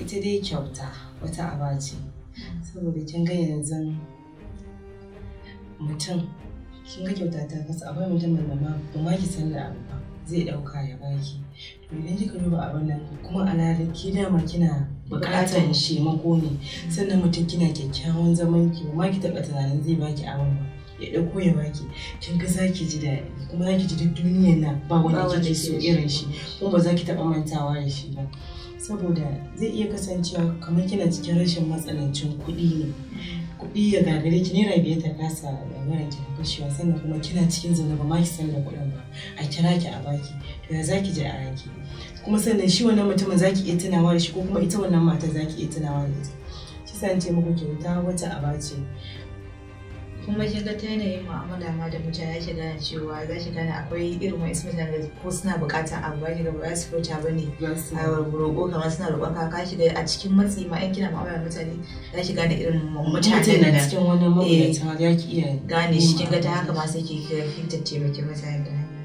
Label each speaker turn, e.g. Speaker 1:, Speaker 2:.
Speaker 1: ita dai kyauta wata aba ce saboda kin ga yanzu mutum kin ga kyauta ta kasa akwai mutum da ma ba ma ki san abu ba zai dauka ya baki to idan kika duba abin nan kuma alalin ki dama kina bukatar shi mako ne sannan mutum kina kyakkyawan zaman ki ba ma ki taba tunanin zai baki abin ba ya ɗauko ya baki kin ga za ki ji daɗi kuma za ki ji duk duniyar nan ba wanda kike so irin shi kuma ba za ki taɓa mantawa da shi ba saboda zai iya kasancewa kamar kina cikin rashin matsanancin kuɗi ne kuɗi ya gagare ki naira biyar ta kasa labarin ki kashewa sannan kuma kina cikin zaune ba ma ki san da kuɗin ba a kira ki a baki to ya zaki ji a ranki kuma sannan shi wannan mutumin zaki iya tunawa da shi ko kuma ita wannan mata zaki iya tunawa da ita shi san ce muku kyauta wata aba ce
Speaker 2: kuma kin ga ta yanayin mu'amala ma da mutane ya shiga cewa za shi gane akwai irin wa mutane da ko suna buƙatar abu ba ga ba su furta ba ne a roƙo kamar suna roƙon ka ka shiga a cikin matsi ma in kina mu'amala mutane za shi gane irin mutane da cikin wani
Speaker 1: ya eh, ki iya gane shi kin ga ta haka
Speaker 2: ma sai ke fitar taimaki mutane da haka